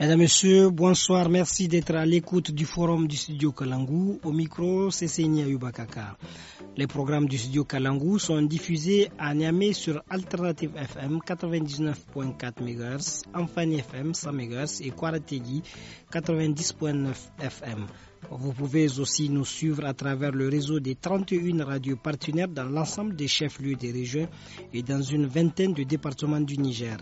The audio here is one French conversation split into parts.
Mesdames, Messieurs, bonsoir. Merci d'être à l'écoute du forum du studio Kalangou. Au micro, c'est à Yubakaka. Les programmes du studio Kalangou sont diffusés à Niamey sur Alternative FM 99.4 MHz, Amphani FM 100 MHz et Kwarategi 90.9 FM. Vous pouvez aussi nous suivre à travers le réseau des 31 radios partenaires dans l'ensemble des chefs-lieux des régions et dans une vingtaine de départements du Niger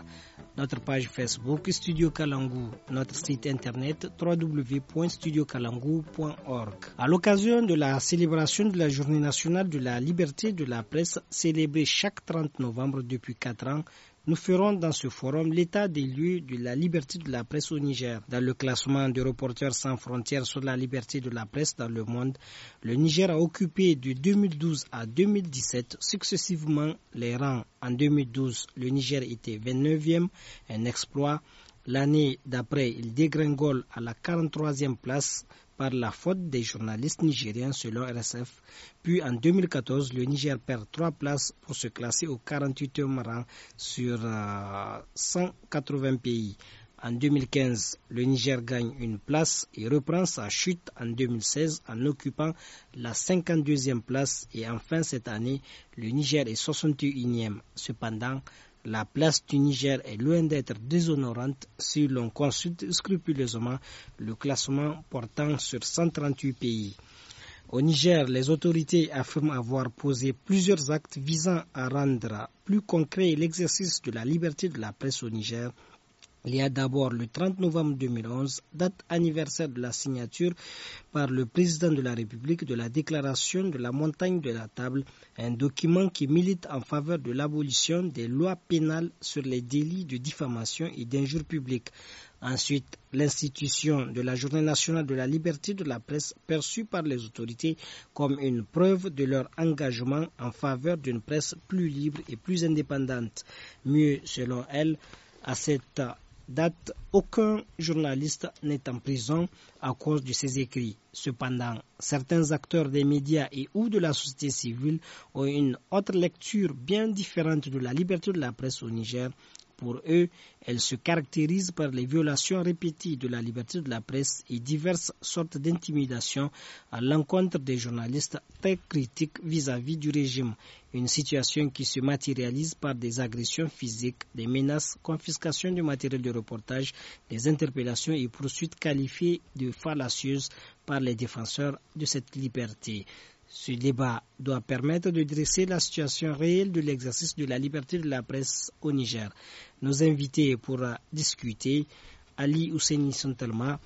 notre page Facebook Studio Kalangu, notre site internet www.studiokalangu.org. À l'occasion de la célébration de la Journée nationale de la liberté de la presse, célébrée chaque 30 novembre depuis 4 ans, nous ferons dans ce forum l'état des lieux de la liberté de la presse au Niger. Dans le classement de Reporters sans frontières sur la liberté de la presse dans le monde, le Niger a occupé de 2012 à 2017 successivement les rangs. En 2012, le Niger était 29e, un exploit. L'année d'après, il dégringole à la 43e place, par la faute des journalistes nigériens selon RSF. Puis en 2014, le Niger perd trois places pour se classer au 48e rang sur 180 euh, pays. En 2015, le Niger gagne une place et reprend sa chute en 2016 en occupant la 52e place et enfin cette année, le Niger est 61e. Cependant, la place du Niger est loin d'être déshonorante si l'on consulte scrupuleusement le classement portant sur 138 pays. Au Niger, les autorités affirment avoir posé plusieurs actes visant à rendre plus concret l'exercice de la liberté de la presse au Niger il y a d'abord le 30 novembre 2011, date anniversaire de la signature par le président de la République de la déclaration de la montagne de la table, un document qui milite en faveur de l'abolition des lois pénales sur les délits de diffamation et d'injures publique. Ensuite, l'institution de la Journée nationale de la liberté de la presse perçue par les autorités comme une preuve de leur engagement en faveur d'une presse plus libre et plus indépendante. Mieux, selon elle, à cette date, aucun journaliste n'est en prison à cause de ses écrits. Cependant, certains acteurs des médias et ou de la société civile ont une autre lecture bien différente de la liberté de la presse au Niger, pour eux, elle se caractérise par les violations répétées de la liberté de la presse et diverses sortes d'intimidations à l'encontre des journalistes très critiques vis-à-vis du régime. Une situation qui se matérialise par des agressions physiques, des menaces, confiscation du matériel de reportage, des interpellations et poursuites qualifiées de fallacieuses par les défenseurs de cette liberté. Ce débat doit permettre de dresser la situation réelle de l'exercice de la liberté de la presse au Niger. Nos invités pour discuter, Ali Ousseini santelma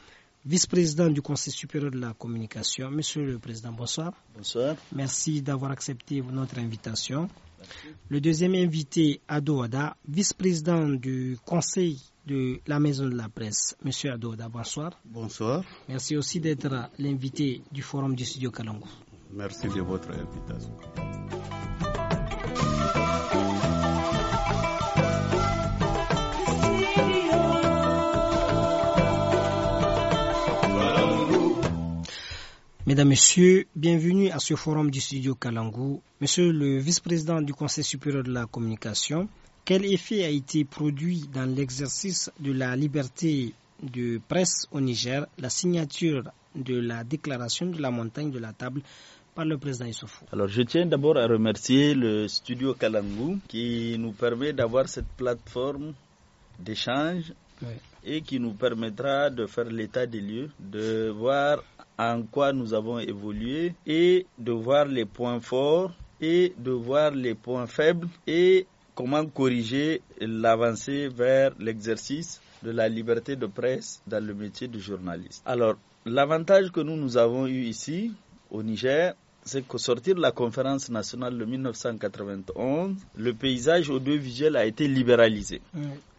vice-président du Conseil supérieur de la communication. Monsieur le Président, bonsoir. Bonsoir. Merci d'avoir accepté notre invitation. Le deuxième invité, Adouada, vice-président du Conseil de la Maison de la Presse. Monsieur Adouada, bonsoir. Bonsoir. Merci aussi d'être l'invité du Forum du Studio Kalangou. Merci de votre invitation. Mesdames, Messieurs, bienvenue à ce forum du studio Kalangou. Monsieur le vice-président du Conseil supérieur de la communication, quel effet a été produit dans l'exercice de la liberté de presse au Niger la signature de la déclaration de la montagne de la table par le président Issoufou. Alors je tiens d'abord à remercier le studio Kalangou qui nous permet d'avoir cette plateforme d'échange et qui nous permettra de faire l'état des lieux, de voir en quoi nous avons évolué et de voir les points forts et de voir les points faibles et comment corriger l'avancée vers l'exercice de la liberté de presse dans le métier de journaliste. Alors, l'avantage que nous, nous avons eu ici au Niger, c'est qu'au sortir de la conférence nationale de 1991, le paysage audiovisuel a été libéralisé.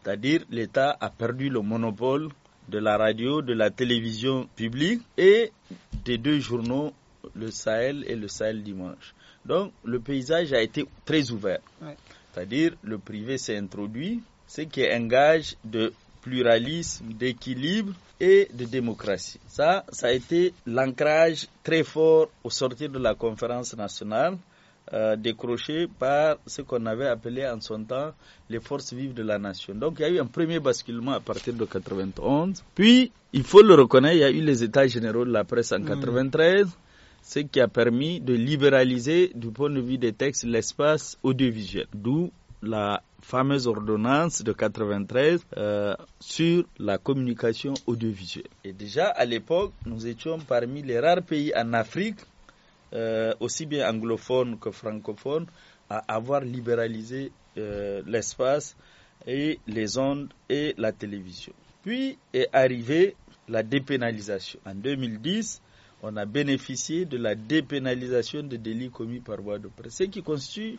C'est-à-dire l'État a perdu le monopole de la radio, de la télévision publique et des deux journaux, le Sahel et le Sahel Dimanche. Donc le paysage a été très ouvert. C'est-à-dire le privé s'est introduit, ce qui engage de pluralisme, d'équilibre et de démocratie. Ça, ça a été l'ancrage très fort au sortir de la conférence nationale euh, décroché par ce qu'on avait appelé en son temps les forces vives de la nation. Donc il y a eu un premier basculement à partir de 91. Puis, il faut le reconnaître, il y a eu les états généraux de la presse en 93, mm. ce qui a permis de libéraliser du point de vue des textes l'espace audiovisuel, d'où la fameuse ordonnance de 93 euh, sur la communication audiovisuelle. Et déjà à l'époque, nous étions parmi les rares pays en Afrique, euh, aussi bien anglophones que francophones, à avoir libéralisé euh, l'espace et les ondes et la télévision. Puis est arrivée la dépénalisation. En 2010, on a bénéficié de la dépénalisation des délits commis par voie de presse, ce qui constitue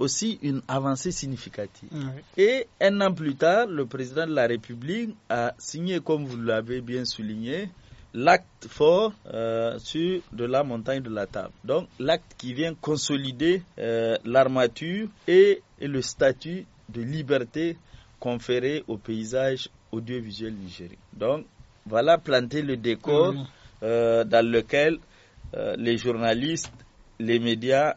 aussi une avancée significative. Et un an plus tard, le président de la République a signé, comme vous l'avez bien souligné, l'acte fort euh, sur de la montagne de la table. Donc l'acte qui vient consolider euh, l'armature et, le statut de liberté conféré au paysage audiovisuel nigérien. Donc voilà planter le décor euh, dans lequel les journalistes, les médias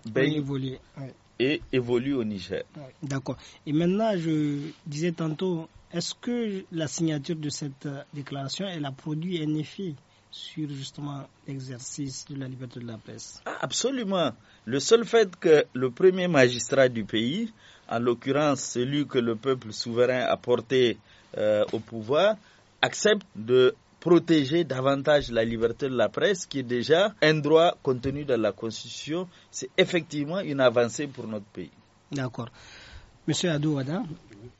évolue au Niger. D'accord. Et maintenant, je disais tantôt, est-ce que la signature de cette euh, déclaration, elle a produit un effet sur justement l'exercice de la liberté de la presse ah, Absolument. Le seul fait que le premier magistrat du pays, en l'occurrence celui que le peuple souverain a porté euh, au pouvoir, accepte de protéger davantage la liberté de la presse, qui est déjà un droit contenu dans la Constitution. C'est effectivement une avancée pour notre pays. D'accord. Monsieur Adouada,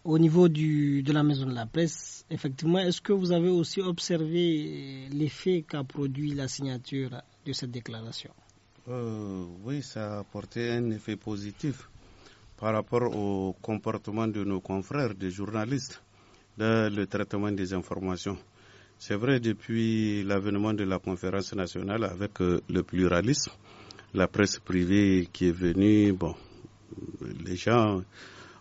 au niveau de la maison de la presse, effectivement, est-ce que vous avez aussi observé l'effet qu'a produit la signature de cette déclaration euh, Oui, ça a apporté un effet positif par rapport au comportement de nos confrères, des journalistes, dans le traitement des informations. C'est vrai, depuis l'avènement de la conférence nationale avec euh, le pluralisme, la presse privée qui est venue, bon, les gens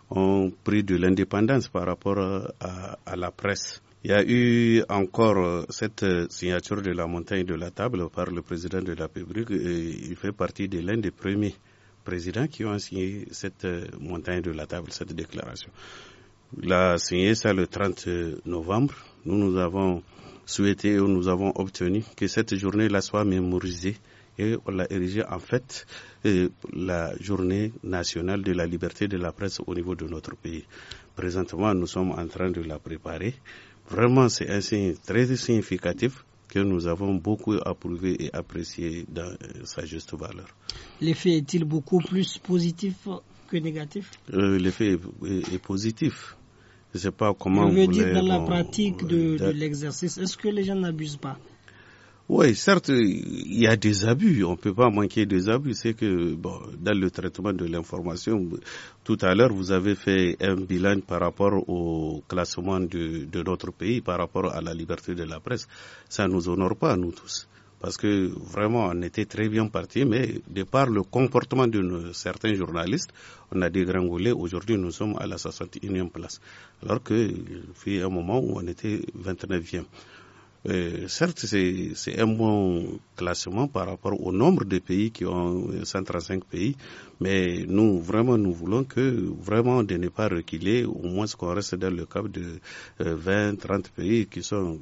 ont pris de l'indépendance par rapport euh, à, la presse. Il y a eu encore euh, cette signature de la montagne de la table par le président de la République. Et il fait partie de l'un des premiers présidents qui ont signé cette montagne de la table, cette déclaration. Il a signé ça le 30 novembre. Nous, nous avons souhaité, nous avons obtenu que cette journée-là soit mémorisée et on l'a érigée en fait euh, la journée nationale de la liberté de la presse au niveau de notre pays. Présentement, nous sommes en train de la préparer. Vraiment, c'est un signe très significatif que nous avons beaucoup approuvé et apprécié dans euh, sa juste valeur. L'effet est-il beaucoup plus positif que négatif euh, L'effet est positif je ne sais pas comment. Je veux dire, dans la pratique euh, de, l'exercice, est-ce que les gens n'abusent pas oui, certes, il y a des abus. On ne peut pas manquer des abus. C'est que bon, dans le traitement de l'information, tout à l'heure, vous avez fait un bilan par rapport au classement de, de, notre pays, par rapport à la liberté de la presse. Ça nous honore pas, nous tous parce que vraiment on était très bien parti, mais de par le comportement de certains journalistes, on a dégringolé. Aujourd'hui, nous sommes à la 61e place, alors qu'il a un moment où on était 29e. Euh, certes, c'est un bon classement par rapport au nombre de pays qui ont 135 euh, pays, mais nous, vraiment, nous voulons que, vraiment, de ne pas reculer, au moins qu'on reste dans le cap de 20, euh, 30 pays qui sont,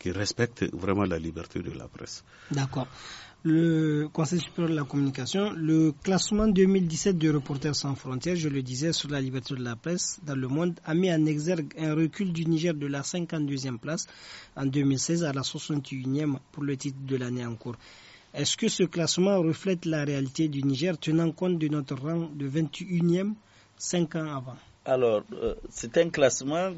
qui respectent vraiment la liberté de la presse. D'accord le Conseil supérieur de la communication, le classement 2017 de Reporters sans frontières, je le disais, sur la liberté de la presse dans le monde, a mis en exergue un recul du Niger de la 52e place en 2016 à la 61e pour le titre de l'année en cours. Est-ce que ce classement reflète la réalité du Niger tenant compte de notre rang de 21e 5 ans avant alors, euh, c'est un classement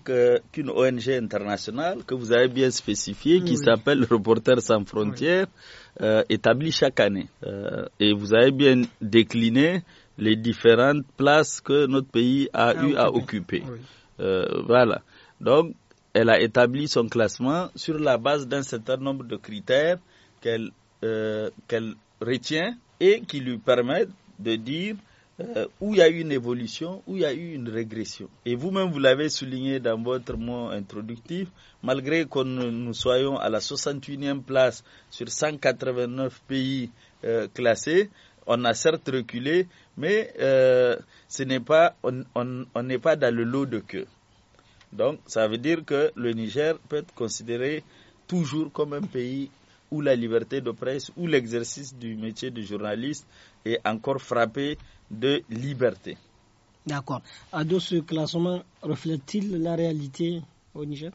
qu'une ONG internationale que vous avez bien spécifié, qui s'appelle Reporters sans frontières, établie euh, établi chaque année. Euh, et vous avez bien décliné les différentes places que notre pays a eu à occuper. Euh, voilà. Donc, elle a établi son classement sur la base d'un certain nombre de critères qu'elle retient et qui lui permettent de dire euh, où il y a eu une évolution, où il y a eu une régression. Et vous-même, vous, l'avez souligné dans votre mot introductif, malgré que nous soyons à la 61e place sur 189 pays euh, classés, on a certes reculé, mais euh, ce n'est pas, on n'est pas dans le lot de queue. Donc, ça veut dire que le Niger peut être considéré toujours comme un pays où la liberté de presse, où l'exercice du métier de journaliste est encore frappé de liberté. D'accord. Ado, ce classement reflète-t-il la réalité au Niger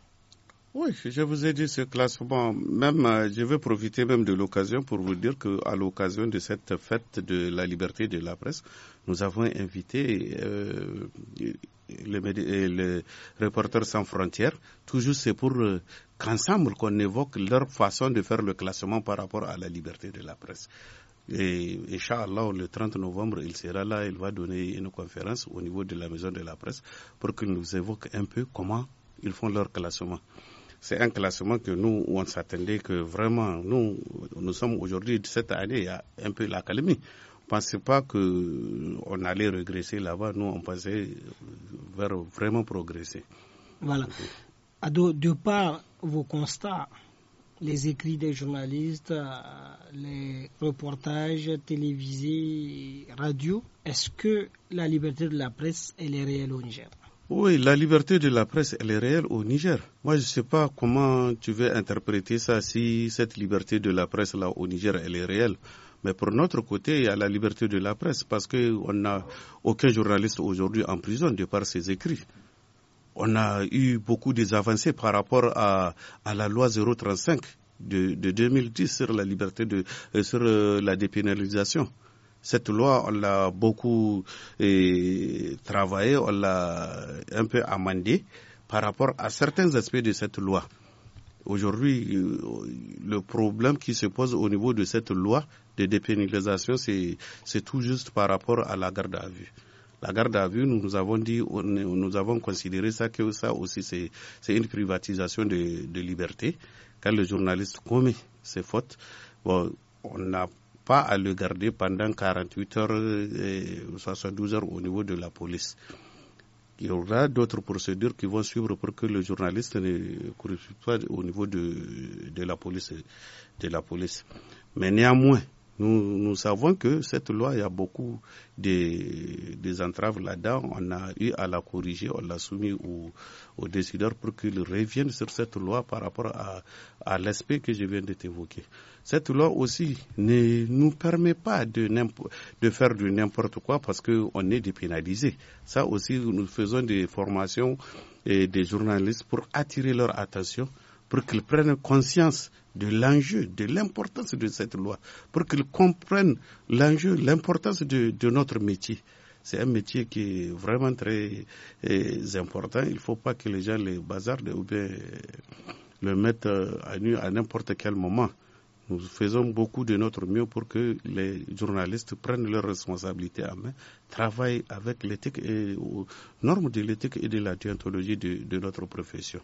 Oui, je vous ai dit ce classement. Même, euh, je vais profiter même de l'occasion pour vous dire qu'à l'occasion de cette fête de la liberté de la presse, nous avons invité euh, le, euh, sans frontières. Toujours, c'est pour euh, qu'ensemble qu'on évoque leur façon de faire le classement par rapport à la liberté de la presse. Et Inch'Allah, le 30 novembre, il sera là, il va donner une conférence au niveau de la maison de la presse pour qu'il nous évoque un peu comment ils font leur classement. C'est un classement que nous, on s'attendait que vraiment, nous, nous sommes aujourd'hui, cette année, il y a un peu pensait Pensez pas que on allait regresser là-bas. Nous, on pensait vers vraiment progresser. Voilà. de par vos constats, les écrits des journalistes, euh, les reportages télévisés, radio. Est-ce que la liberté de la presse, elle est réelle au Niger oui, la liberté de la presse, elle est réelle au Niger. Moi, je ne sais pas comment tu veux interpréter ça, si cette liberté de la presse là au Niger, elle est réelle. Mais pour notre côté, il y a la liberté de la presse parce qu'on n'a aucun journaliste aujourd'hui en prison de par ses écrits on a eu beaucoup des avancées par rapport à, la loi 035 de, de 2010 sur la liberté de euh, sur euh, la dépénalisation. Cette loi, on l'a beaucoup travaillé, euh, travaillée, on l'a un peu amendée par rapport à certains aspects de cette loi. Aujourd'hui, le problème qui se pose au niveau de cette loi de dépénalisation, c'est tout juste par rapport à la garde à vue. La garde à vue, nous, avons dit, nous avons considéré ça que ça aussi c'est une privatisation de, de, liberté. Quand le journaliste commet ses fautes, bon, on n'a pas à le garder pendant 48 heures, euh, ou 72 heures au niveau de la police. Il y aura d'autres procédures qui vont suivre pour que le journaliste ne corrige pas au niveau de, de, la police, de la police. Mais néanmoins, nous, savons que cette loi, il y a beaucoup des, entraves là-dedans. On a eu à la corriger, on l'a soumis aux, décideurs pour qu'ils reviennent sur cette loi par rapport à, l'aspect que je viens de t'évoquer. Cette loi aussi ne nous permet pas de, faire du n'importe quoi parce qu'on est dépénalisé. Ça aussi, nous faisons des formations et des journalistes pour attirer leur attention pour qu'ils prennent conscience de l'enjeu, de l'importance de cette loi, pour qu'ils comprennent l'enjeu, l'importance de, notre métier. C'est un métier qui est vraiment très eh, important. Il ne faut pas que les gens les bazardent ou bien le mettent euh, à nu à n'importe quel moment. Nous faisons beaucoup de notre mieux pour que les journalistes prennent leurs responsabilités à main, travaillent avec l'éthique et aux normes de l'éthique et de la déontologie de, notre profession.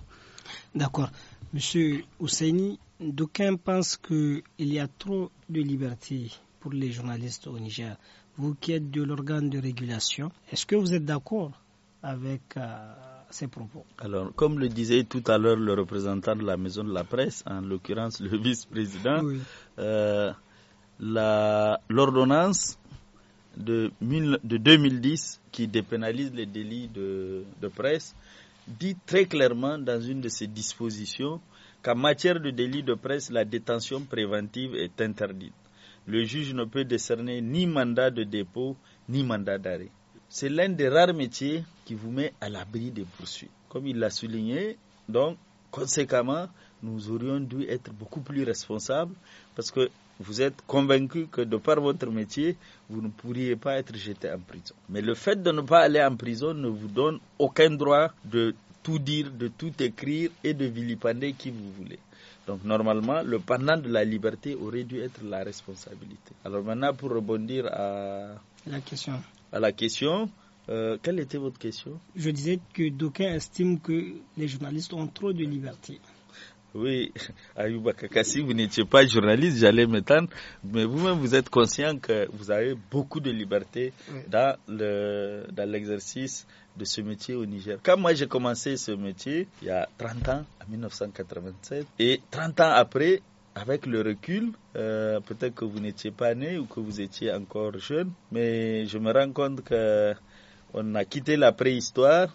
D'accord. Monsieur Ousseini, d'aucuns pensent qu'il y a trop de liberté pour les journalistes au Niger. Vous qui êtes de l'organe de régulation, est-ce que vous êtes d'accord avec euh, alors, comme le disait tout à l'heure le représentant de la maison de la presse, en l'occurrence le vice-président, euh, l'ordonnance de, de, 2010 qui dépénalise les délits de, de, presse dit très clairement dans une de ses dispositions qu'en matière de délit de presse, la détention préventive est interdite. Le juge ne peut décerner ni mandat de dépôt ni mandat d'arrêt c'est l'un des rares métiers qui vous met à l'abri des poursuites. Comme il l'a souligné, donc conséquemment, nous aurions dû être beaucoup plus responsables parce que vous êtes convaincu que de par votre métier, vous ne pourriez pas être jeté en prison. Mais le fait de ne pas aller en prison ne vous donne aucun droit de tout dire, de tout écrire et de vilipender qui vous voulez. Donc normalement, le pendant de la liberté aurait dû être la responsabilité. Alors maintenant, pour rebondir à la question, à la question. Euh, quelle était votre question Je disais que d'aucuns estiment que les journalistes ont trop de liberté. Oui, Ayouba vous n'étiez pas journaliste, j'allais m'étendre, mais vous-même, vous êtes conscient que vous avez beaucoup de liberté dans, dans l'exercice de ce métier au Niger. Quand moi j'ai commencé ce métier, il y a 30 ans, en 1987, et 30 ans après, avec le recul, euh, peut-être que vous n'étiez pas né ou que vous étiez encore jeune, mais je me rends compte que on a quitté la préhistoire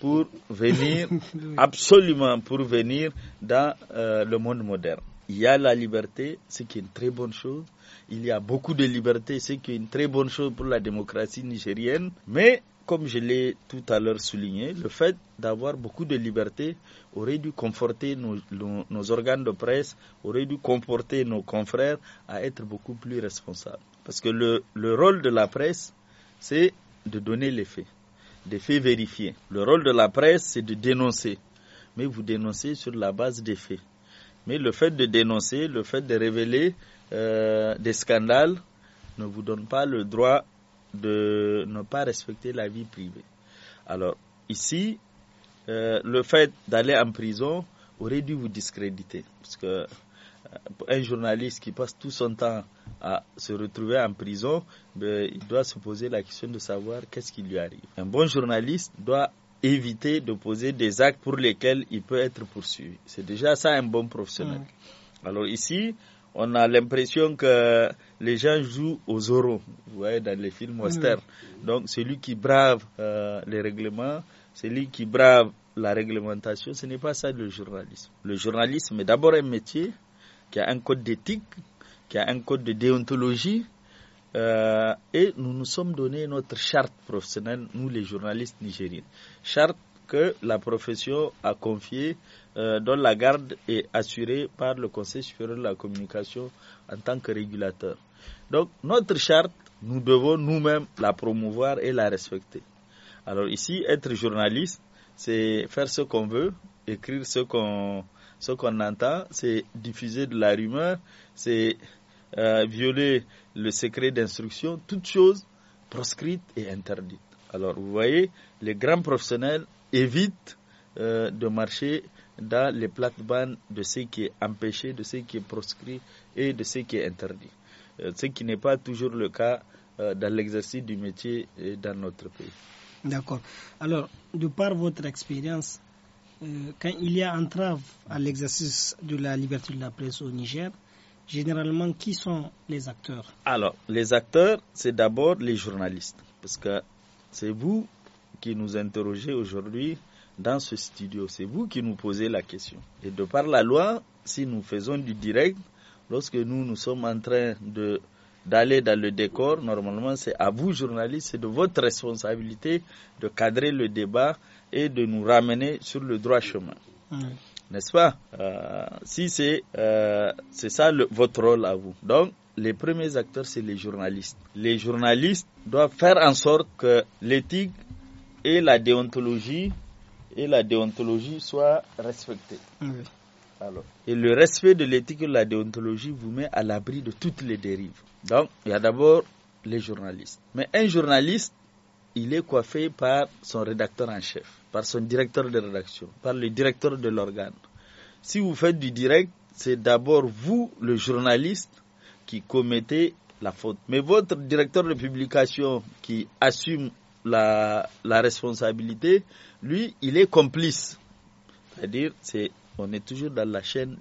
pour venir, absolument pour venir dans euh, le monde moderne. Il y a la liberté, ce qui est une très bonne chose. Il y a beaucoup de liberté, ce qui est une très bonne chose pour la démocratie nigérienne. Mais comme je l'ai tout à l'heure souligné, le fait d'avoir beaucoup de liberté aurait dû conforter nos, organes de presse, aurait dû comporter nos confrères à être beaucoup plus responsables. Parce que le, rôle de la presse, c'est de donner les faits, des faits vérifiés. Le rôle de la presse, c'est de dénoncer. Mais vous dénoncez sur la base des faits. Mais le fait de dénoncer, le fait de révéler euh, des scandales, ne vous donne pas le droit de ne pas respecter la vie privée. Alors ici, euh, le fait d'aller en prison aurait dû vous discréditer, parce que euh, un journaliste qui passe tout son temps à se retrouver en prison, ben, il doit se poser la question de savoir qu'est-ce qui lui arrive. Un bon journaliste doit éviter de poser des actes pour lesquels il peut être poursuivi. C'est déjà ça un bon professionnel. Alors ici, on a l'impression que les gens jouent aux oraux, vous voyez, dans les films mhm. Western. Donc, celui qui brave euh, les règlements, celui qui brave la réglementation, ce n'est pas ça le journalisme. Le journalisme est d'abord un métier qui a un code d'éthique, qui a un code de déontologie, euh, et nous nous sommes donné notre charte professionnelle, nous les journalistes nigériens. Charte que la profession a confiée, euh, dont la garde est assurée par le Conseil supérieur de la communication en tant que régulateur. Donc notre charte, nous devons nous-mêmes la promouvoir et la respecter. Alors ici, être journaliste, c'est faire ce qu'on veut, écrire ce qu'on ce qu'on entend, c'est diffuser de la rumeur, c'est euh, violer le secret d'instruction, toutes choses proscrites et interdites. Alors vous voyez, les grands professionnels évitent euh, de marcher dans les plates-bandes de ce qui est empêché, de ce qui est proscrit et de ce qui est interdit. Euh, ce qui n'est pas toujours le cas euh, dans l'exercice du métier et dans notre pays. D'accord. Alors, de par votre expérience, euh, quand il y a entrave à l'exercice de la liberté de la presse au Niger, généralement, qui sont les acteurs Alors, les acteurs, c'est d'abord les journalistes, parce que c'est vous qui nous interrogez aujourd'hui dans ce studio, c'est vous qui nous posez la question. Et de par la loi, si nous faisons du direct, lorsque nous, nous sommes en train de d'aller dans le décor, normalement c'est à vous journalistes, c'est de votre responsabilité de cadrer le débat et de nous ramener sur le droit chemin. Hmm. N'est-ce pas euh, Si c'est euh, ça votre rôle à vous. Donc, les premiers acteurs, c'est les journalistes. Les journalistes doivent faire en sorte que l'éthique et la déontologie et la déontologie soient respectées. Et le respect de l'éthique de la déontologie vous met à l'abri de toutes les dérives. Donc, il y a d'abord les journalistes. Mais un journaliste, il est coiffé par son rédacteur en chef, par son directeur de rédaction, par le directeur de l'organe. Si vous faites du direct, c'est d'abord vous, le journaliste, qui commettez la faute. Mais votre directeur de publication qui assume la, la responsabilité, lui, il est complice. C'est-à-dire, c'est on est toujours dans la chaîne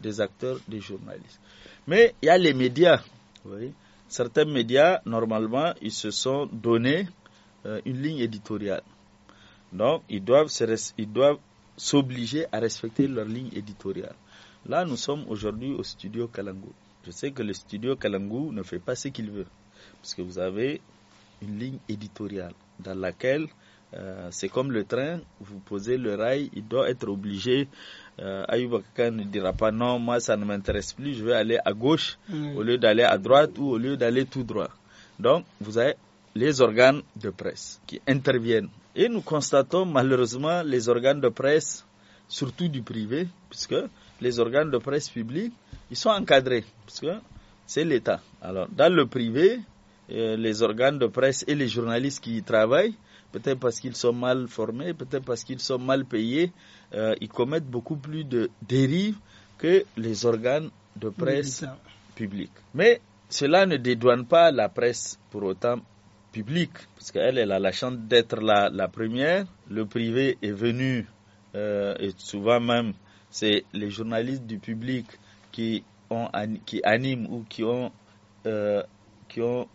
des acteurs, des journalistes. Mais il y a les médias. Certains médias, normalement, ils se sont donnés euh, une ligne éditoriale. Donc, ils doivent, ils doivent s'obliger à respecter leur ligne éditoriale. Là, nous sommes aujourd'hui au studio Kalangu. Je sais que le studio Kalangu ne fait pas ce qu'il veut, parce que vous avez une ligne éditoriale dans laquelle euh, c'est comme le train, vous posez le rail, il doit être obligé euh, ne dira pas non, moi ça ne m'intéresse plus, je vais aller à gauche mm. au lieu d'aller à droite ou au lieu d'aller tout droit. Donc, vous avez les organes de presse qui interviennent. Et nous constatons malheureusement les organes de presse, surtout du privé, puisque les organes de presse publics, ils sont encadrés, puisque c'est l'État. Alors, dans le privé, euh, les organes de presse et les journalistes qui y travaillent peut-être parce qu'ils sont mal formés, peut-être parce qu'ils sont mal payés, euh, ils commettent beaucoup plus de dérives que les organes de presse publique. Mais cela ne dédouane pas la presse pour autant publique, parce qu'elle a la chance d'être la, première. Le privé est venu, euh, et souvent même, c'est les journalistes du public qui, animent ou qui ont... Euh,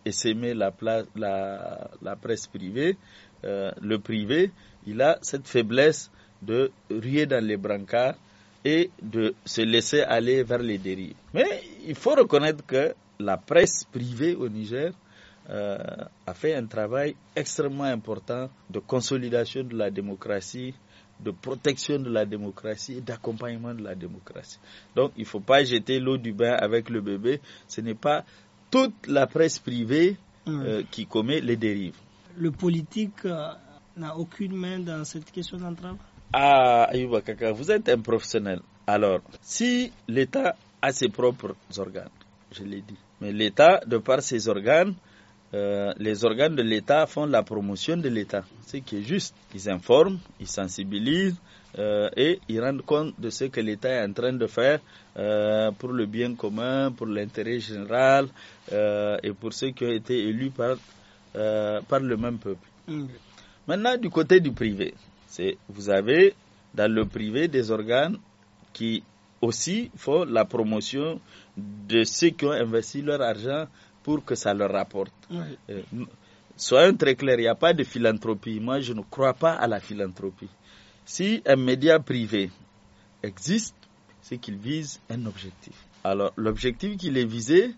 essaimé la, presse privée. Euh, le privé, il a cette faiblesse de rier dans les brancards et de se laisser aller vers les dérives. Mais il faut reconnaître que la presse privée au Niger euh, a fait un travail extrêmement important de consolidation de la démocratie, de protection de la démocratie et d'accompagnement de la démocratie. Donc il ne faut pas jeter l'eau du bain avec le bébé. Ce n'est pas toute la presse privée mmh. euh, qui commet les dérives le politique euh, n'a aucune main dans cette question d'entrave Ah, Ayouba Kaka, vous êtes un professionnel. Alors, si l'État a ses propres organes, je l'ai dit, mais l'État, de par ses organes, euh, les organes de l'État font la promotion de l'État, ce qui est juste. Ils informent, ils sensibilisent euh, et ils rendent compte de ce que l'État est en train de faire pour le bien commun, pour l'intérêt général et pour ceux qui ont été élus par euh, par le même peuple. Mm. Maintenant, du côté du privé, c'est vous avez dans le privé des organes qui aussi font la promotion de ceux qui ont investi leur argent pour que ça leur rapporte. Euh, soyons très clairs, il n'y a pas de philanthropie. Moi, je ne crois pas à la philanthropie. Si un média privé existe, c'est qu'il vise un objectif. Alors, l'objectif qu'il est visé,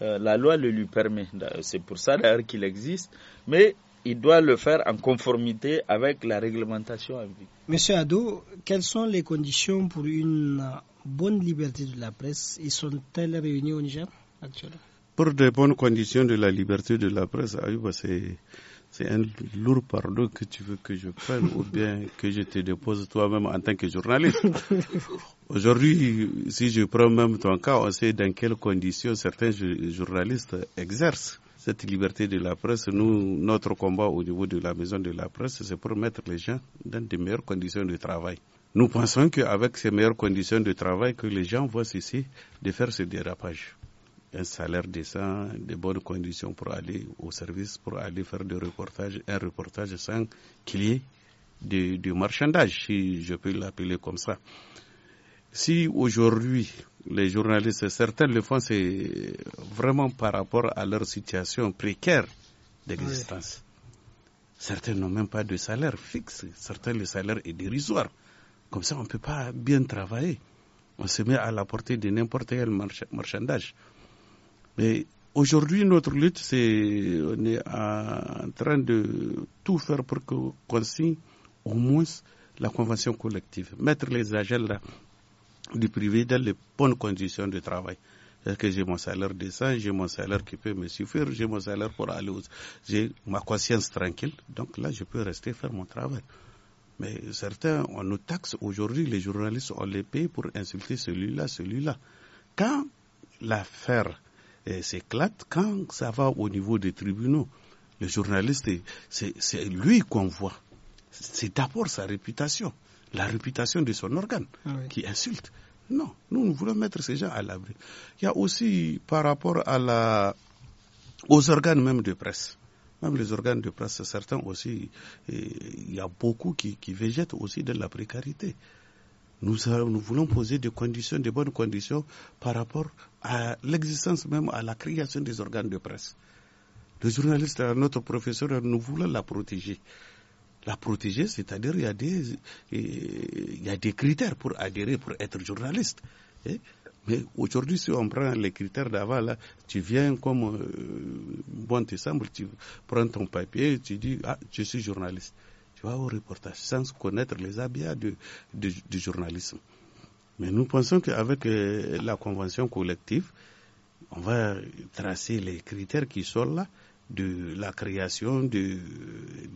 euh, la loi le lui permet. C'est pour ça d'ailleurs qu'il existe. Mais il doit le faire en conformité avec la réglementation Monsieur Ado, quelles sont les conditions pour une bonne liberté de la presse Ils sont-elles réunies au Niger actuellement Pour des bonnes conditions de la liberté de la presse, c'est c'est un lourd pardon que tu veux que je prenne ou bien que je te dépose toi-même en tant que journaliste. Aujourd'hui, si je prends même ton cas, on sait dans quelles conditions certains journalistes exercent cette liberté de la presse. Nous, notre combat au niveau de la maison de la presse, c'est pour mettre les gens dans de meilleures conditions de travail. Nous pensons qu'avec ces meilleures conditions de travail, que les gens voient ici de faire ce dérapage un salaire décent, de bonnes conditions pour aller au service, pour aller faire des reportages, un reportage sans qu'il y ait du, marchandage, si je peux l'appeler comme ça. Si aujourd'hui les journalistes, certains le font, c'est vraiment par rapport à leur situation précaire d'existence. Certains n'ont même pas de salaire fixe, certains le salaire est dérisoire. Comme ça, on ne peut pas bien travailler. On se met à la portée de n'importe quel marchandage. Mais aujourd'hui, notre lutte, c'est on est en train de tout faire pour qu'on signe au moins la convention collective, mettre les agents du privé dans les bonnes conditions de travail. cest que j'ai mon salaire de décent, j'ai mon salaire qui peut me suffire, j'ai mon salaire pour aller aux... J'ai ma conscience tranquille, donc là, je peux rester faire mon travail. Mais certains, on nous taxe aujourd'hui, les journalistes, on les paye pour insulter celui-là, celui-là. Quand l'affaire s'éclate quand ça va au niveau des tribunaux. Le journaliste, c'est lui qu'on voit. C'est d'abord sa réputation, la réputation de son organe ah qui insulte. Non, nous, nous voulons mettre ces gens à l'abri. Il y a aussi par rapport à aux organes même de presse. Même les organes de presse, certains aussi, il y a beaucoup qui, qui végètent aussi de la précarité. Nous, voulons poser des conditions, des bonnes conditions par rapport à l'existence même, à la création des organes de presse. Le journaliste, notre professeur, nous voulons la protéger. La protéger, c'est-à-dire il y a des critères pour adhérer, pour être journaliste. Eh? mais aujourd'hui, si on prend les critères d'avant, tu viens comme euh, bon te semble, tu prends ton papier, tu dis ah je suis journaliste tu vas au reportage sans connaître les habits du, journalisme. Mais nous pensons qu'avec euh, la convention collective, on va tracer les critères qui sont là de la création, de,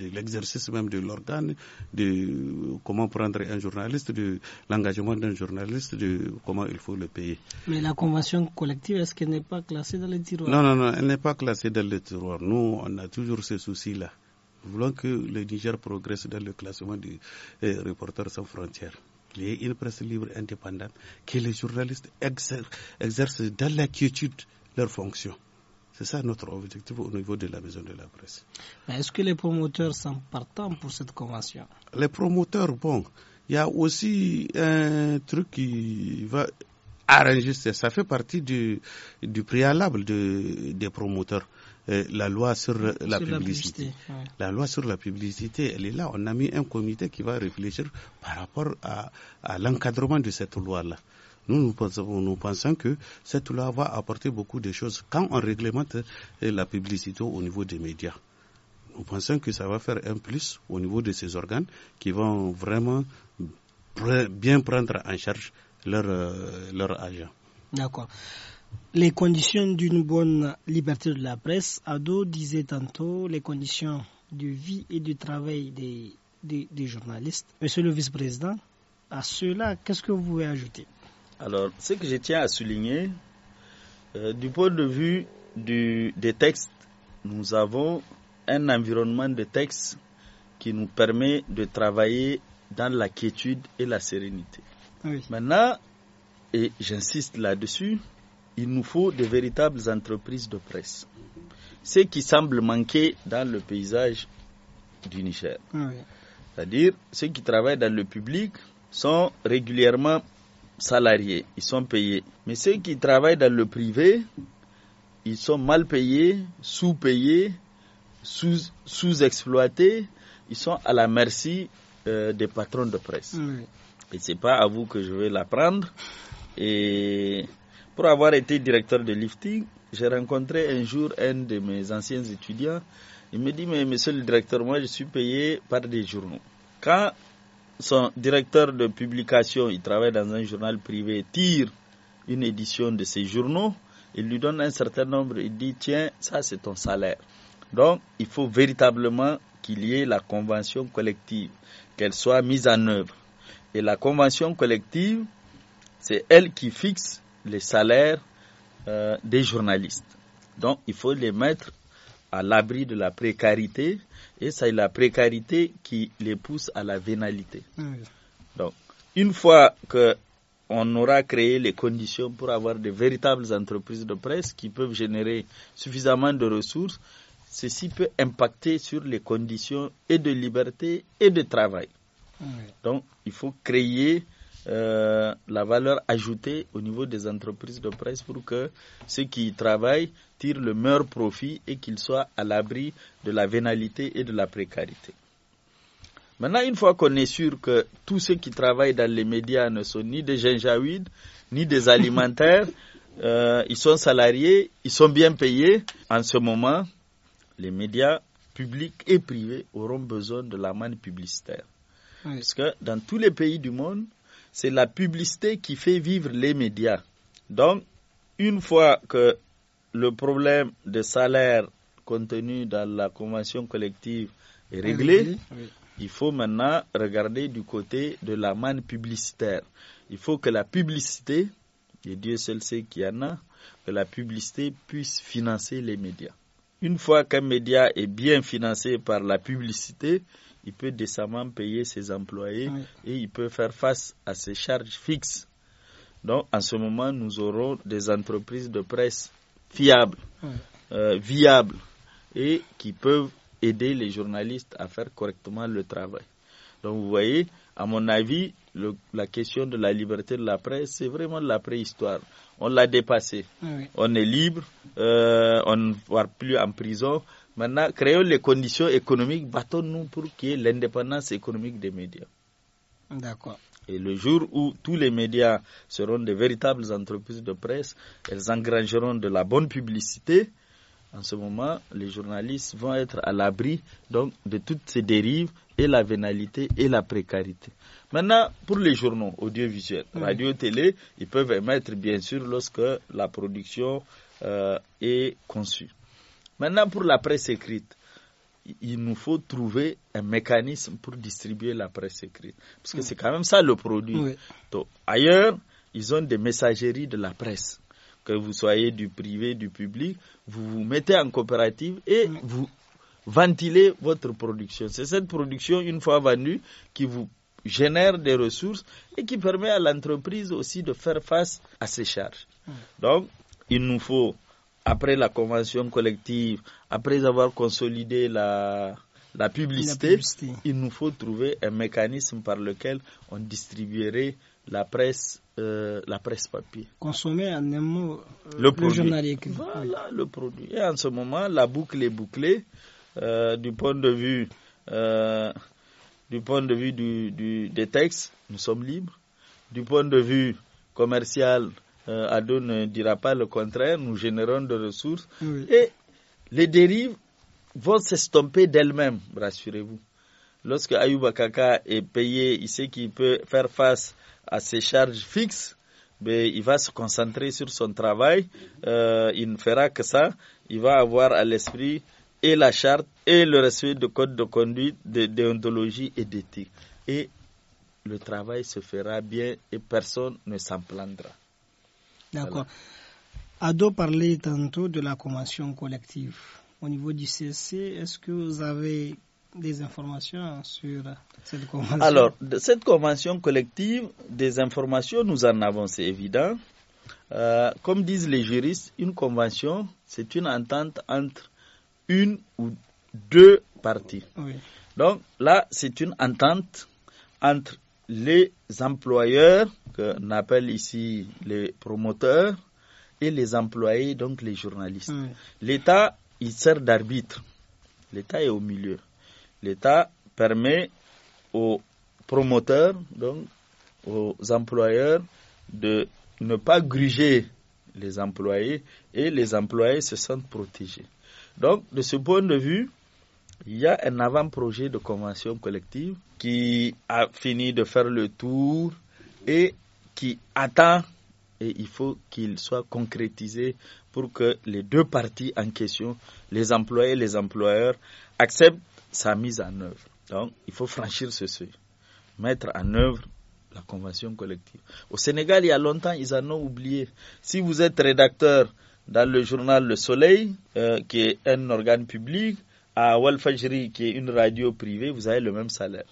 de l'exercice même de l'organe, de comment prendre un journaliste, de l'engagement d'un journaliste, de comment il faut le payer. Mais la convention collective, est-ce qu'elle n'est pas classée dans les tiroirs Non, non, non, elle n'est pas classée dans les tiroirs. Nous, on a toujours ce souci-là voulons que le Niger progresse dans le classement du eh, reporter sans frontières. Il y ait une presse libre indépendante, que les journalistes exercent dans l'inquiétude leurs fonctions. C'est ça notre objectif au niveau de la maison de la presse. Est-ce que les promoteurs sont partants pour cette convention Les promoteurs, bon, il y a aussi un truc qui va arranger ça. Ça fait partie du, préalable des promoteurs. Euh, la loi sur la, publicité. La, loi sur la publicité, elle est là. On a mis un comité qui va réfléchir par rapport à, l'encadrement de cette loi-là. Nous, nous pensons, que cette loi va apporter beaucoup de choses quand on réglemente euh, la publicité au niveau des médias. Nous pensons que ça va faire un plus au niveau de ces organes qui vont vraiment bien prendre en charge leur euh, agent. D'accord les conditions d'une bonne liberté de la presse, Ado disait tantôt les conditions de vie et du travail des, journalistes. Monsieur le vice-président, à cela, qu'est-ce que vous pouvez ajouter Alors, ce que je tiens à souligner, euh, du point de vue des textes, nous avons un environnement de textes qui nous permet de travailler dans la quiétude et la sérénité. Maintenant, et j'insiste là-dessus, il nous faut de véritables entreprises de presse. Ce qui semble manquer dans le paysage du Niger. Ah C'est-à-dire, ceux qui travaillent dans le public sont régulièrement salariés, ils sont payés. Mais ceux qui travaillent dans le privé, ils sont mal payés, sous-payés, sous-exploités, ils sont à la merci euh, des patrons de presse. Ah Et c'est pas à vous que je vais l'apprendre. Et pour avoir été directeur de lifting, j'ai rencontré un jour un de mes anciens étudiants. Il me dit, mais monsieur le directeur, moi je suis payé par des journaux. Quand son directeur de publication, il travaille dans un journal privé, tire une édition de ses journaux, il lui donne un certain nombre, il dit, tiens, ça c'est ton salaire. Donc, il faut véritablement qu'il y ait la convention collective, qu'elle soit mise en œuvre. Et la convention collective, c'est elle qui fixe les salaires euh, des journalistes. Donc il faut les mettre à l'abri de la précarité et c'est la précarité qui les pousse à la vénalité. Ah, Donc une fois que on aura créé les conditions pour avoir de véritables entreprises de presse qui peuvent générer suffisamment de ressources. Ceci peut impacter sur les conditions et de liberté et de travail. Ah, Donc, il faut créer euh, la valeur ajoutée au niveau des entreprises de presse pour que ceux qui y travaillent tirent le meilleur profit et qu'ils soient à l'abri de la vénalité et de la précarité. Maintenant, une fois qu'on est sûr que tous ceux qui travaillent dans les médias ne sont ni des genjaouides, ni des alimentaires, euh, ils sont salariés, ils sont bien payés, en ce moment, les médias publics et privés auront besoin de la manne publicitaire. Parce que dans tous les pays du monde, c'est la publicité qui fait vivre les médias. Donc, une fois que le problème de salaire contenu dans la convention collective est réglé, il faut maintenant regarder du côté de la manne publicitaire. Il faut que la publicité, et Dieu seul sait qu'il y en a, que la publicité puisse financer les médias une fois qu'un média est bien financé par la publicité, il peut décemment payer ses employés et il peut faire face à ses charges fixes. Donc, en ce moment, nous aurons des entreprises de presse fiables, euh, viables, et qui peuvent aider les journalistes à faire correctement le travail. Donc, vous voyez, à mon avis, la question de la liberté de la presse, c'est vraiment la préhistoire. On l'a dépassé. Ah on est libre, euh, on ne va plus en prison. Maintenant, créons les conditions économiques, battons-nous pour qu'il y ait l'indépendance économique des médias. D'accord. Et le jour où tous les médias seront de véritables entreprises de presse, elles engrangeront de la bonne publicité, en ce moment, les journalistes vont être à l'abri de toutes ces dérives et la vénalité et la précarité. Maintenant, pour les journaux audiovisuels, radio-télé, ils peuvent émettre bien sûr lorsque la production euh, est conçue. Maintenant, pour la presse écrite, il nous faut trouver un mécanisme pour distribuer la presse écrite, parce que c'est quand même ça le produit. ailleurs, ils ont des messageries de la presse que vous soyez du privé, du public, vous vous mettez en coopérative et vous ventilez votre production. C'est cette production, une fois vendue, qui vous génère des ressources et qui permet à l'entreprise aussi de faire face à ses charges. Donc, il nous faut, après la convention collective, après avoir consolidé la, la publicité, il nous faut trouver un mécanisme par lequel on distribuerait la presse, euh, la presse papier. Consommer en un mot euh, le, le Voilà le produit. Et en ce moment, la boucle est bouclée euh, du point de vue, du point de vue du, des textes. Nous sommes libres. Du point de vue commercial, Ado ne dira pas le contraire. Nous générons de ressources et les dérives vont s'estomper d'elles-mêmes. Rassurez-vous. Lorsque Ayouba Kaka est payé, il sait qu'il peut faire face à ses charges fixes, mais il va se concentrer sur son travail, euh, il ne fera que ça, il va avoir à l'esprit et la charte et le respect du code de conduite, de déontologie et d'éthique. Et le travail se fera bien et personne ne s'en plaindra. D'accord. Ado parlait tantôt de la convention collective. Au niveau du C.S.C. est-ce que vous avez des informations sur cette convention Alors, de cette convention collective, des informations, nous en avons, c'est évident. Euh, comme disent les juristes, une convention, c'est une entente entre une ou deux parties. Donc là, c'est une entente entre les employeurs, qu'on appelle ici les promoteurs, et les employés, donc les journalistes. L'État, il sert d'arbitre. L'État est au milieu l'État permet aux promoteurs, donc aux employeurs, de ne pas gruger les employés et les employés se sentent protégés. Donc, de ce point de vue, il y a un avant-projet de convention collective qui a fini de faire le tour et qui attend et il faut qu'il soit concrétisé pour que les deux parties en question, les employés et les employeurs, acceptent sa mise en œuvre. Donc, il faut franchir ce seuil, mettre en œuvre la convention collective. Au Sénégal, il y a longtemps, ils en ont oublié. Si vous êtes rédacteur dans le journal Le Soleil, euh, qui est un organe public, à Walfajri, qui est une radio privée, vous avez le même salaire.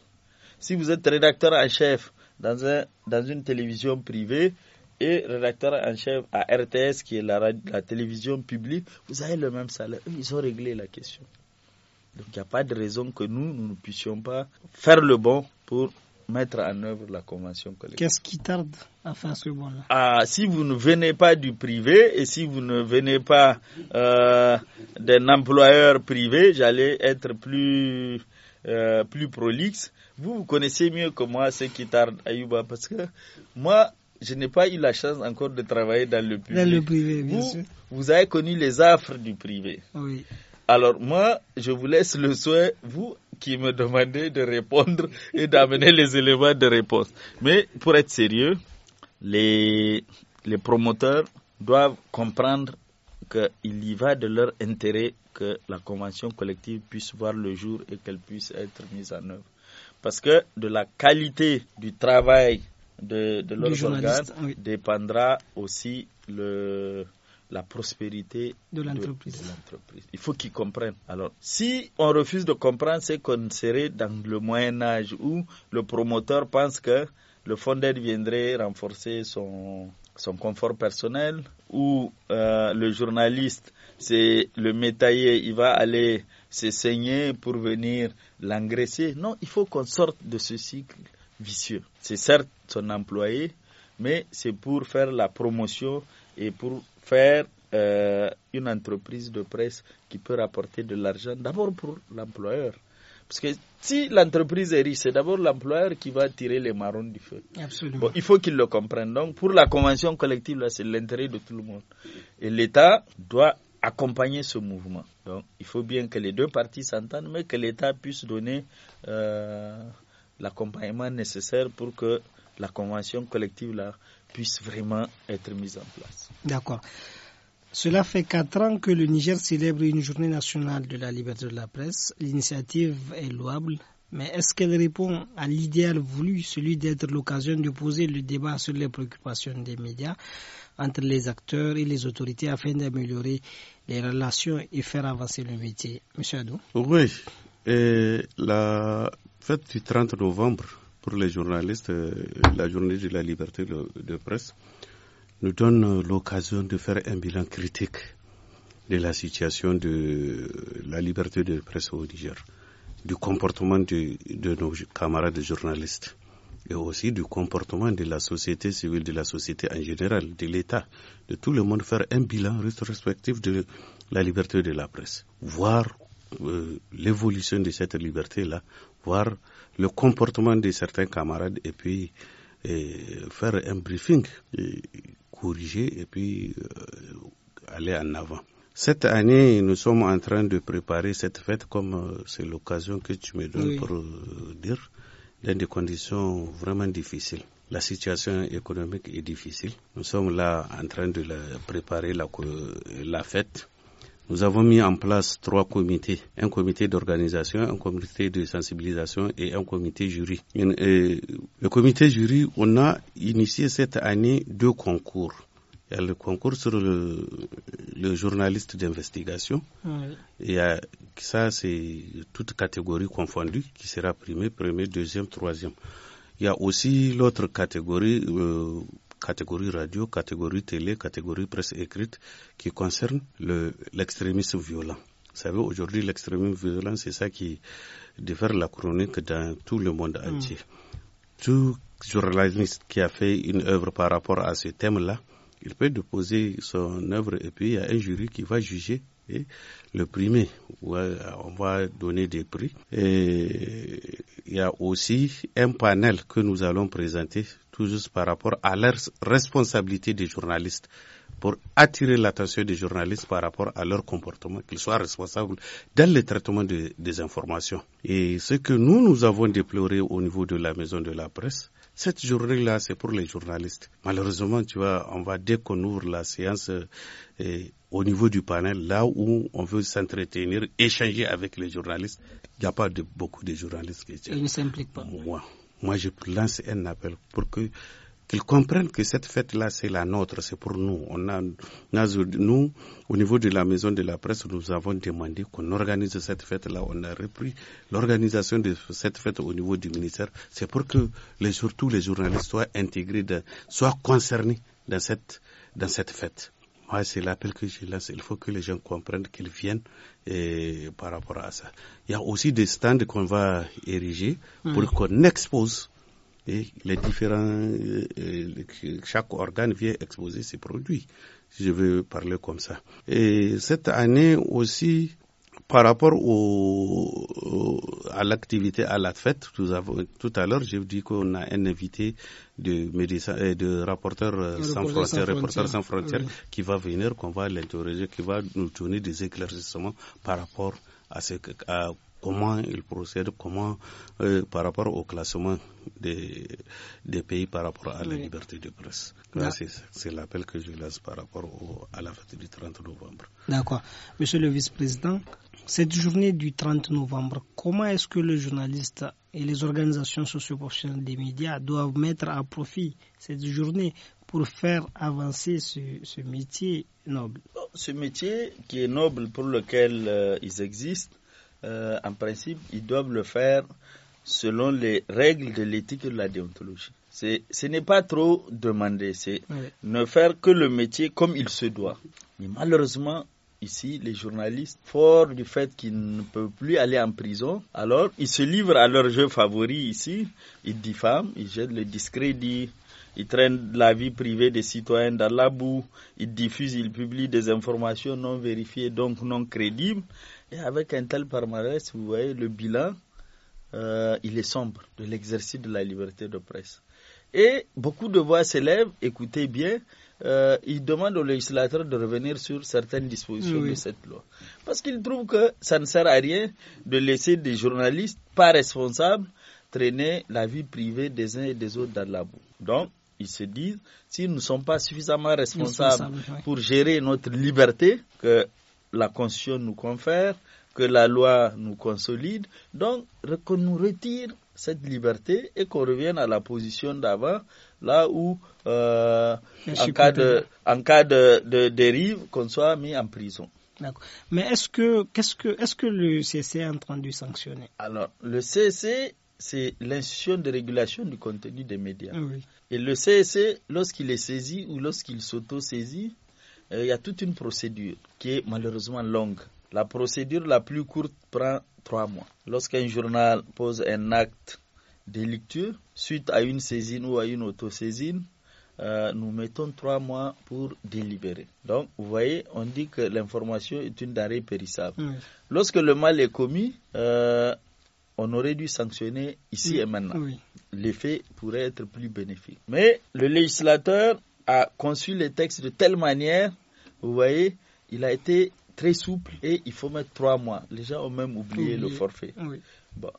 Si vous êtes rédacteur en chef dans, un, dans une télévision privée et rédacteur en chef à RTS, qui est la télévision publique, vous avez le même salaire. Ils ont réglé la question. Donc il n'y a pas de raison que nous, nous ne puissions pas faire le bon pour mettre en œuvre la convention collective. Qu'est-ce qui tarde à faire ce bon-là ah, Si vous ne venez pas du privé et si vous ne venez pas euh, d'un employeur privé, j'allais être plus, euh, plus prolixe. Vous, vous connaissez mieux que moi ce qui tarde, à Yuba parce que moi, je n'ai pas eu la chance encore de travailler dans le privé. Dans le privé, bien sûr. Vous avez connu les affres du privé. Oui. Alors moi, je vous laisse le souhait, vous qui me demandez de répondre et d'amener les éléments de réponse. Mais pour être sérieux, les, les promoteurs doivent comprendre qu'il y va de leur intérêt que la convention collective puisse voir le jour et qu'elle puisse être mise en œuvre. Parce que de la qualité du travail de, de leurs organes dépendra aussi le, la prospérité de l'entreprise. Il faut qu'ils comprennent. Alors, si on refuse de comprendre, c'est qu'on serait dans le Moyen Âge où le promoteur pense que le fondateur viendrait renforcer son, son confort personnel, ou euh, le journaliste, c'est le métaillé, il va aller se saigner pour venir l'engraisser. Non, il faut qu'on sorte de ce cycle vicieux. C'est certes son employé, mais c'est pour faire la promotion et pour faire euh, une entreprise de presse qui peut rapporter de l'argent d'abord pour l'employeur. Parce que si l'entreprise est riche, c'est d'abord l'employeur qui va tirer les marrons du feu. il faut qu'il le comprenne. Donc, pour la convention collective, c'est l'intérêt de tout le monde. Et l'État doit accompagner ce mouvement. Donc, il faut bien que les deux parties s'entendent, mais que l'État puisse donner euh, l'accompagnement nécessaire pour que la convention collective là, puisse vraiment être mise en place. D'accord. Cela fait quatre ans que le Niger célèbre une journée nationale de la liberté de la presse. L'initiative est louable, mais est-ce qu'elle répond à l'idéal voulu, celui d'être l'occasion de poser le débat sur les préoccupations des médias entre les acteurs et les autorités afin d'améliorer les relations et faire avancer le métier Monsieur Adou Oui, et la fête du 30 novembre pour les journalistes, euh, la journée de la liberté de presse nous donne euh, l'occasion de faire un bilan critique de la situation de euh, la liberté de presse au Niger, du comportement de, nos camarades journalistes et aussi du comportement de la société civile, de la société en général, de l'État, de tout le monde, faire un bilan rétrospectif de la liberté de la presse, voir l'évolution de cette liberté-là, voir le comportement de certains camarades et puis faire un briefing, corriger et puis euh, aller en avant. Cette année, nous sommes en train de préparer cette fête comme euh, c'est l'occasion que tu me donnes pour euh, dire, dans des conditions vraiment difficiles. La situation économique est difficile. Nous sommes là en train de préparer la, la fête nous avons mis en place trois comités. Un comité d'organisation, un comité de sensibilisation et un comité jury. le comité jury, on a initié cette année deux concours. Il y a le concours sur le, journaliste d'investigation. Et ça, c'est toute catégorie confondue qui sera primée, premier, deuxième, troisième. Il y a aussi l'autre catégorie, euh, catégorie radio, catégorie télé, catégorie presse écrite, qui concerne l'extrémisme violent. Vous savez, aujourd'hui, l'extrémisme violent, c'est ça qui diffère la chronique dans tout le monde hmm. entier. Tout journaliste qui a fait une œuvre par rapport à ce thème-là, il peut déposer son œuvre et puis il y a un jury qui va juger le premier, Ouais, on va donner des prix. Et il y a aussi un panel que nous allons présenter tout juste par rapport à la responsabilité des journalistes pour attirer l'attention des journalistes par rapport à leur comportement, qu'ils soient responsables dans le traitement des informations. Et ce que nous, nous avons déploré au niveau de la maison de la presse, cette journée-là, c'est pour les journalistes. Malheureusement, tu vois, on va, dès qu'on ouvre la séance, euh, au niveau du panel, là où on veut s'entretenir, échanger avec les journalistes, il n'y a pas beaucoup de journalistes qui Ils ne s'impliquent pas. Moi, moi, je lance un appel pour que qu'ils comprennent que cette fête-là, c'est la nôtre, c'est pour nous. On a, nous, au niveau de la maison de la presse, nous avons demandé qu'on organise cette fête-là. On a repris l'organisation de cette fête au niveau du ministère. C'est pour que les, surtout les journalistes soient intégrés, soient concernés dans cette, dans cette fête c'est l'appel que je lance. Il faut que les gens comprennent qu'ils viennent et, par rapport à ça. Il y a aussi des stands qu'on va ériger hmm. pour qu'on expose et les différents. Euh, euh, chaque organe vient exposer ses produits. Je veux parler comme ça. Et cette année aussi, par rapport au, à l'activité, à la fête, tout, à l'heure, j'ai dit qu'on a un invité de, médecin, euh, de rapporteur euh, sans, frontières, ah qui va venir, qu'on va l'interroger, qui va nous donner des éclaircissements par rapport à ce à comment ils procèdent, comment, euh, par rapport au classement des, pays par rapport à la liberté de presse. Euh, c'est l'appel que je lance par rapport à la fête du 30 novembre. D'accord. Monsieur le vice-président, cette journée du 30 novembre, comment est-ce que les journalistes et les organisations socioprofessionnelles des médias doivent mettre à profit cette journée pour faire avancer ce, métier noble Ce métier qui est noble pour lequel euh, ils existent, euh, en principe, ils doivent le faire selon les règles de l'éthique et de la déontologie. Ce n'est pas trop demander, c'est ne faire que le métier comme il se doit. Mais malheureusement, ici, les journalistes, forts du fait qu'ils ne peuvent plus aller en prison, alors ils se livrent à leur jeu favori ici, ils diffament, ils jettent le discrédit, ils traînent la vie privée des citoyens dans la boue, ils diffusent, ils publient des informations non vérifiées, donc non crédibles. Et avec un tel palmarès, vous voyez, le bilan, euh, il est sombre de l'exercice de la liberté de presse. Et beaucoup de voix s'élèvent, écoutez bien, euh, ils demandent au législateur de revenir sur certaines dispositions de cette loi. Parce qu'ils trouvent que ça ne sert à rien de laisser des journalistes pas responsables traîner la vie privée des uns et des autres dans la boue. Donc, ils se disent, si nous ne sommes pas suffisamment responsables, pour gérer notre liberté, que la Constitution nous confère, que la loi nous consolide, donc qu'on nous retire cette liberté et qu'on revienne à la position d'avant, là où, euh, en, cas de, dérive, qu'on soit mis en prison. Mais est-ce que, qu'est-ce que, est-ce que le CC est en train de sanctionner Alors, le CC, c'est l'institution de régulation du contenu des médias. Et le CSC, lorsqu'il est saisi ou lorsqu'il s'auto-saisit, euh, il y a toute une procédure qui est malheureusement longue. La procédure la plus courte prend trois mois. Lorsqu'un journal pose un acte de lecture suite à une saisine ou à une autosaisine, euh, nous mettons trois mois pour délibérer. Donc, vous voyez, on dit que l'information est une denrée périssable. Lorsque le mal est commis, euh, on aurait dû sanctionner ici et maintenant. L'effet pourrait être plus bénéfique. Mais le législateur a conçu les textes de telle manière, vous voyez, il a été très souple et il faut mettre trois mois. Les gens ont même oublié le forfait. Bon.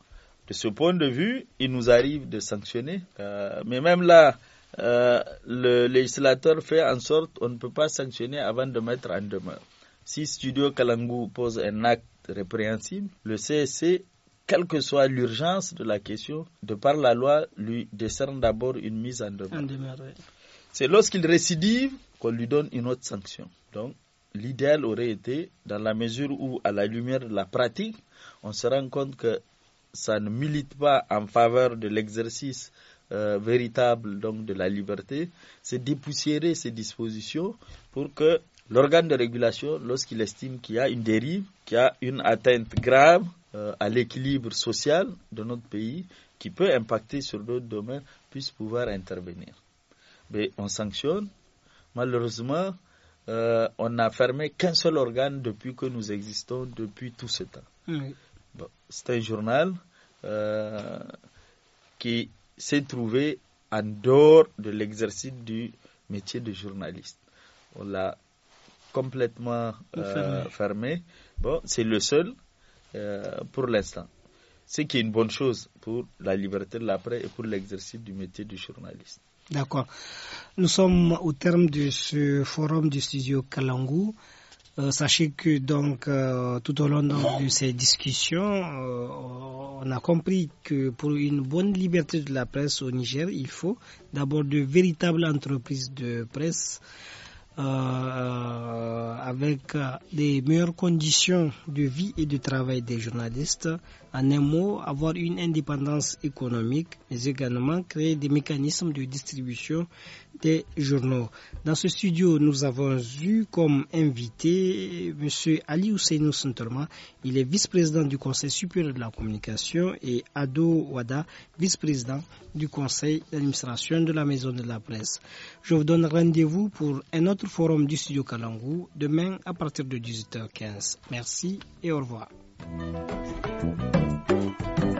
De ce point de vue, il nous arrive de sanctionner. Euh, mais même là, euh, le législateur fait en sorte qu'on ne peut pas sanctionner avant de mettre en demeure. Si Studio Kalangu pose un acte répréhensible, le CSC, quelle que soit l'urgence de la question, de par la loi, lui décerne d'abord une mise en demeure. En demeure oui. C'est lorsqu'il récidive qu'on lui donne une autre sanction. Donc, l'idéal aurait été, dans la mesure où, à la lumière de la pratique, on se rend compte que ça ne milite pas en faveur de l'exercice euh, véritable donc de la liberté, c'est dépoussiérer ces dispositions pour que l'organe de régulation, lorsqu'il estime qu'il y a une dérive, qu'il y a une atteinte grave euh, à l'équilibre social de notre pays, qui peut impacter sur d'autres domaines, puisse pouvoir intervenir on sanctionne. Malheureusement, euh, on n'a fermé qu'un seul organe depuis que nous existons, depuis tout ce temps. c'est un journal euh, qui s'est trouvé en dehors de l'exercice du métier de journaliste. On l'a complètement euh, fermé. Bon, c'est le seul pour l'instant. Ce qui est une bonne chose pour la liberté de la presse et pour l'exercice du métier de journaliste. D'accord. Nous sommes au terme de ce forum du studio Kalangou. Euh, sachez que donc euh, tout au long de ces discussions, euh, on a compris que pour une bonne liberté de la presse au Niger, il faut d'abord de véritables entreprises de presse avec des meilleures conditions de vie et de travail des journalistes, en un mot, avoir une indépendance économique, mais également créer des mécanismes de distribution des journaux. Dans ce studio, nous avons eu comme invité M. Ali Ousseinou Santorma. Il est vice-président du Conseil supérieur de la communication et Ado Wada, vice-président du Conseil d'administration de la Maison de la Presse. Je vous donne rendez-vous pour un autre forum du studio Kalangou demain à partir de 18h15. Merci et au revoir. thank you